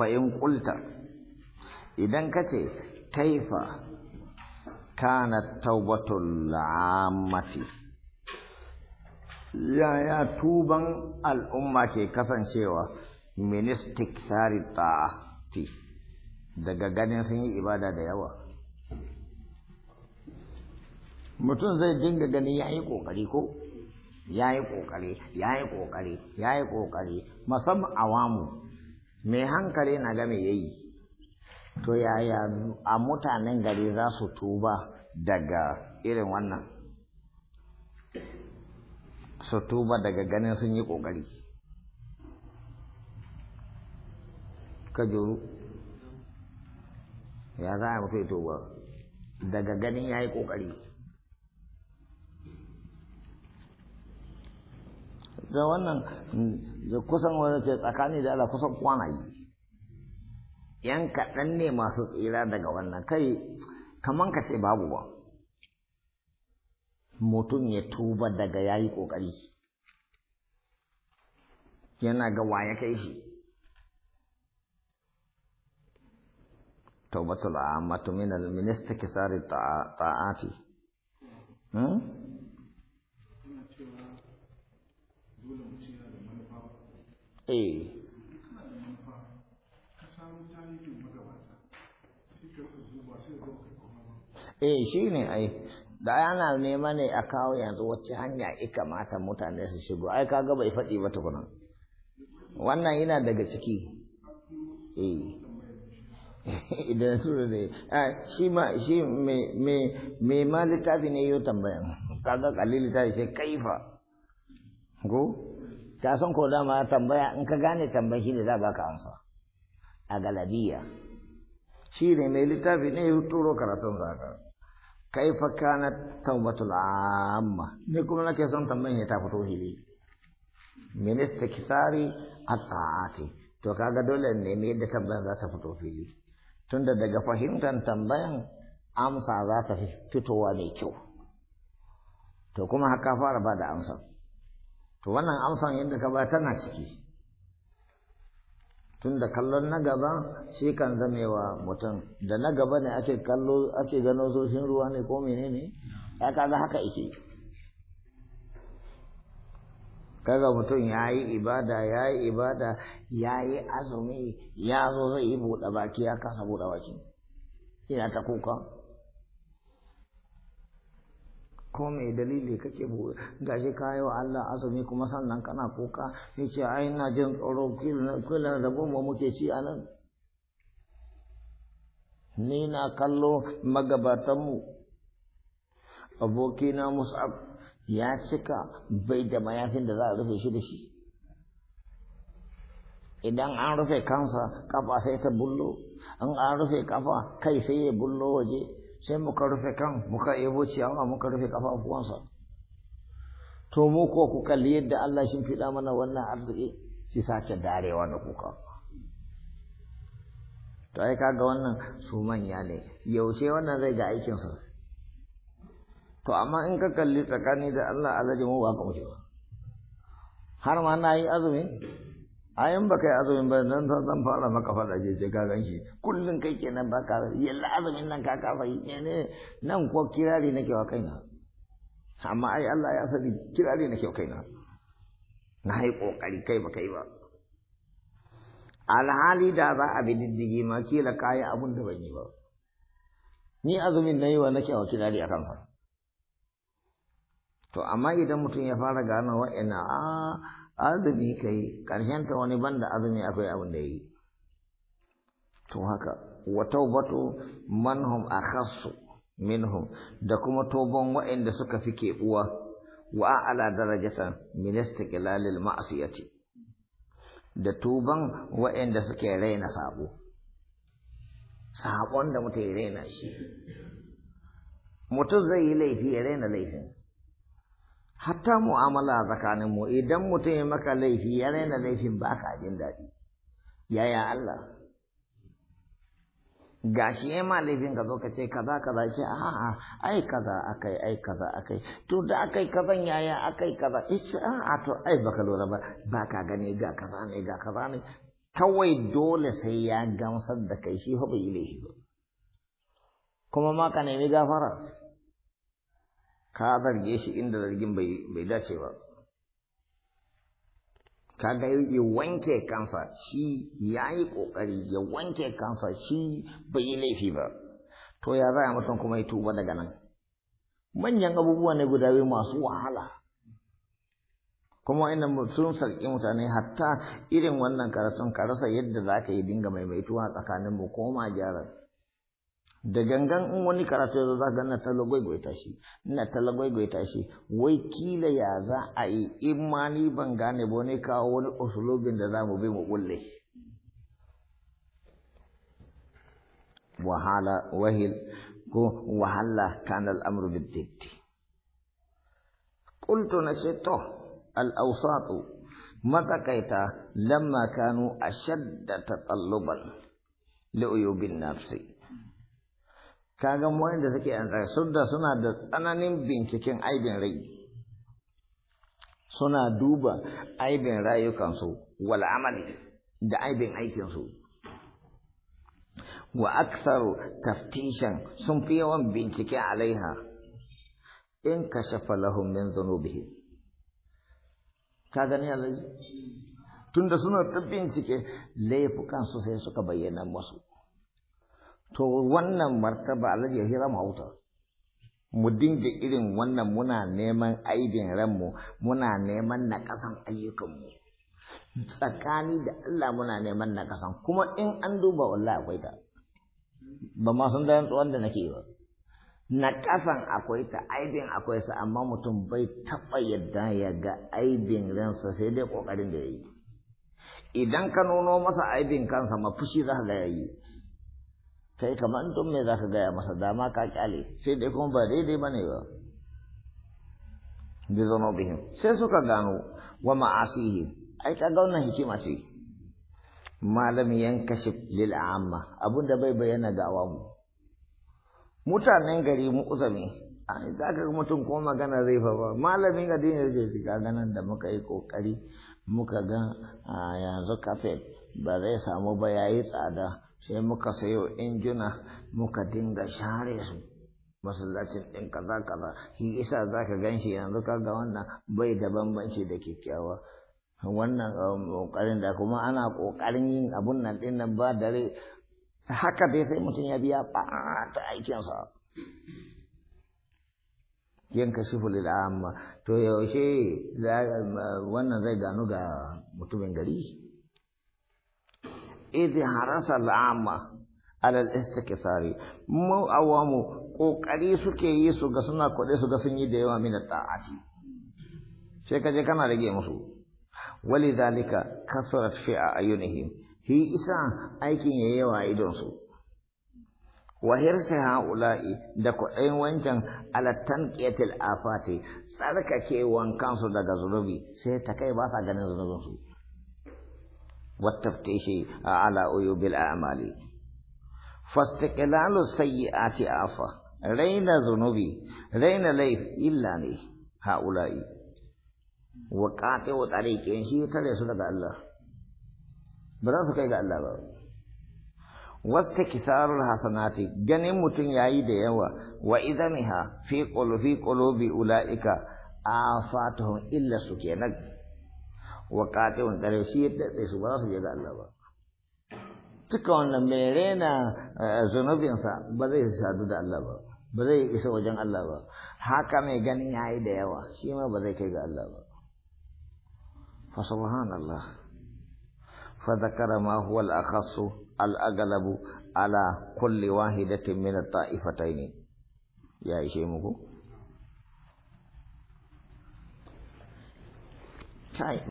fayin ƙulta idan ka ce kaifa kana taubatul la'amati. yaya tuban al'umma ke kasancewa ministik sarita ta'ati daga ganin sun yi ibada da yawa mutum zai dinga gani ya yi ƙoƙari ko ya yi ƙoƙari ya yi ƙoƙari ya yi ƙoƙari musamman awamu mai hankali na game ya yi to yaya a mutanen gari za su tuba daga irin wannan su tuba daga ganin sun yi ƙoƙari ka juru ya za a mutu tuba daga ganin ya yi ƙoƙari da wannan kusan wani ce tsakani da ala kusan kwanayi yan kaɗan ne masu tsira daga wannan kai kaman ka ce babu ba mutum ya tuba daga yayi ƙoƙari yana ga ya kai shi taubatul ammatu min minista kisari ta'ati hmm? Eh. eh shi da ai da ana nema ne a kawo yanzu wacce hanya ya mata mutane su shigo ai gaba bai faɗi ba tukuna wannan yana daga ciki eh idan su da ai ah, shi ma shi me me me ma littafi ne yau tambayan kaga kalili ta ce kaifa go ta san ko dama tambaya in ka gane tambayi ne za baka amsa a galabiya shi ne mai littafi ne ya turo karatun zaka kai fa kana taubatul amma ne kuma nake son tambayin ya ta fito hili minista kisari ata'ati to kaga dole ne mai yadda tambayan za ta fito fili tunda daga fahimtar tambayan amsa za ta fitowa mai kyau to kuma haka fara ba da amsa to wannan amsan yadda ka ba tana ciki tun da kallon na gaba shi kan zamewa mutum da na gaba ne ake kallo ake gano zoshin ruwa ne ko mene ne ya kaga haka ike kaga mutum ya yi ibada ya yi ibada ya yi azumi ya zo zai yi buɗe baki ya kasa buɗe baki ina ta kuka ko mai dalili kake buɗe gashi ka yi wa Allah azumi kuma sannan kana kuka ya ce ai ina jin tsoro kullum da goma muke ci a nan ni na kallo magabatanmu abokina mus'ab ya cika bai da mayafin da za a rufe shi da shi idan an rufe kansa kafa sai ta bullo in an rufe kafa kai sai ya bullo waje sai muka rufe kan muka yabo ciyawa muka rufe kafafuwansa to mu ko ku kalli yadda Allah shi fida mana wannan arziki shi sake darewa na kuka to ai kaga wannan su manya ne yaushe wannan zai ga sa to amma in ka kalli tsakani da Allah alaji mu ba ka mutu har ma na yi azumi ayan baka yi azumin ba nan san zan fara maka fada je sai ka ganshi. kullun kai kenan ba ka yalla azumin nan ka kafa yi ne nan ko kirari nake wa kaina amma ai Allah ya sani kirari nake wa kaina na yi kokari kai ba kai ba alhali da za a bi diddigi ma kila kayan abun da ban yi ba ni azumin na yi wa nake wa kirari a kansa to amma idan mutum ya fara gano wa'ina a ah, azumi ka yi ta wani banda azumi akwai abin da ya yi to haka wa taubatu manhum akhassu minhum da kuma toban waɗanda suka fi kebuwa wa ala darajatan min istiqlalil ma'siyati da tuban waɗanda suke raina sabo sabon da mutai raina shi mutum zai yi laifi ya raina laifin hatta mu'amala a mu idan mutum ya maka laifi ya raina laifin ba ka jin daɗi yaya Allah gashi ya ma laifin ka zo ka ce kaza kaza ce a ai kaza akai ai kaza akai to da akai kazan yaya akai kaza ice a to ai baka lura ba ba ka gani ga kaza ne ga kaza ne kawai dole sai ya gamsar da kai shi fa bai laifi ba kuma ma ka nemi gafara ka zarge shi inda zargin bai dace ba Ka ga ya wanke kansa shi ya yi ƙoƙari ya wanke kansa shi bai yi laifi ba to ya za a mutum kuma ya tuba daga nan manyan abubuwa ne guda biyu masu wahala kuma ina sun sarki mutane hatta irin wannan karatun ka rasa yadda za ka yi dinga maimaituwa tsakanin mu koma gyara da gangan in wani karatu ya zo za ga na talagwaigwaita shi na talagwaigwaita shi wai kila ya za a yi in ni ban gane ba wani kawo wani usulobin da za mu bi mu kulle wahala wahil ko wahala kana al'amru biddiddi qultu na ce to al-awsatu matakaita lamma kanu ashadda ta li uyubin nafsi kaga wanda suke an tsare suna da tsananin binciken aibin rai suna duba aibin rayukansu wala amali da aibin aikinsu wa aksar taftishan sun fi yawan bincike alaiha in shafa lahun min dhunubihim ka gani tunda suna ta bincike laifukan sosai sai suka bayyana musu to wannan martaba Allah ya hira mauta mu dinga irin wannan muna neman aibin ranmu muna neman nakasan ayyukanmu tsakani da Allah muna neman nakasan kuma in an duba wallahi akwai ta ba ma sun da nake ba Nakasan akwai ta aibin akwai sa amma mutum bai taɓa yadda ya ga aibin ransa sai dai ƙoƙarin da ya yi idan ka nuno masa aibin kansa ma fushi za ka ga ya kai kamar tun me za ka gaya masa dama ka kyale sai dai kuma ba daidai ba ne ba bi zunubihim sai suka gano wa ma'asihi. ai ka ga wannan hikima ce malam yankashif lil amma abunda bai bayyana ga awamu mutanen gari mu ne. za ka ga mutum ko magana zai fa ba malamin addini zai ji ga da muka yi kokari muka ga ah, yanzu kafet ba zai samu ba yayi tsada sai muka sayo injuna muka dinga share su masallacin ɗin kaza kaza shi isa za ka gan shi yanzu ka ga wannan bai da bambanci da kyakkyawa wannan um, ƙoƙarin da kuma ana ƙoƙarin yin abun nan ɗin nan ba dare haka dai sai mutum ya biya ɓata aikinsa yanka shifulil amma to yaushe um, wannan zai gano ga mutumin gari idh harasa la'ama alal istikfari mu awamu kokari suke yi su ga suna kuɗe su ga sun yi da yawa min ta'ati sai ka je kana rage musu walizalika kasarat fi ayunihim hi isa aikin yayi yawa idon su wa hirsa haula'i da kwaɗayin wancan alattan qiyatil afati tsarkake su daga zunubi sai ta kai ba sa ganin zunubinsu والتفتيش على عيوب الأعمال فاستقلال السيئات آفة رين ذنوبي رين ليف إلا لي هؤلاء وقاتع ان شيء ترى صدق الله برافو كيف الله بقى. wasta kisarul hasanati ganin mutum yayi da yawa wa idamiha fi qulubi illa وقاتب درشیت دے سی سبحان اللہ جل اللہ وہ تکون نہ میرے نہ زنوب انسان بڑے حساب دے اللہ وہ بڑے اس وجن اللہ وہ حاکم گنی ائی دے وا شیما بڑے کے اللہ وہ فسبحان اللہ فذكر ما هو الاخص الاغلب على كل واحدة من الطائفتين يا شيمكو Okay.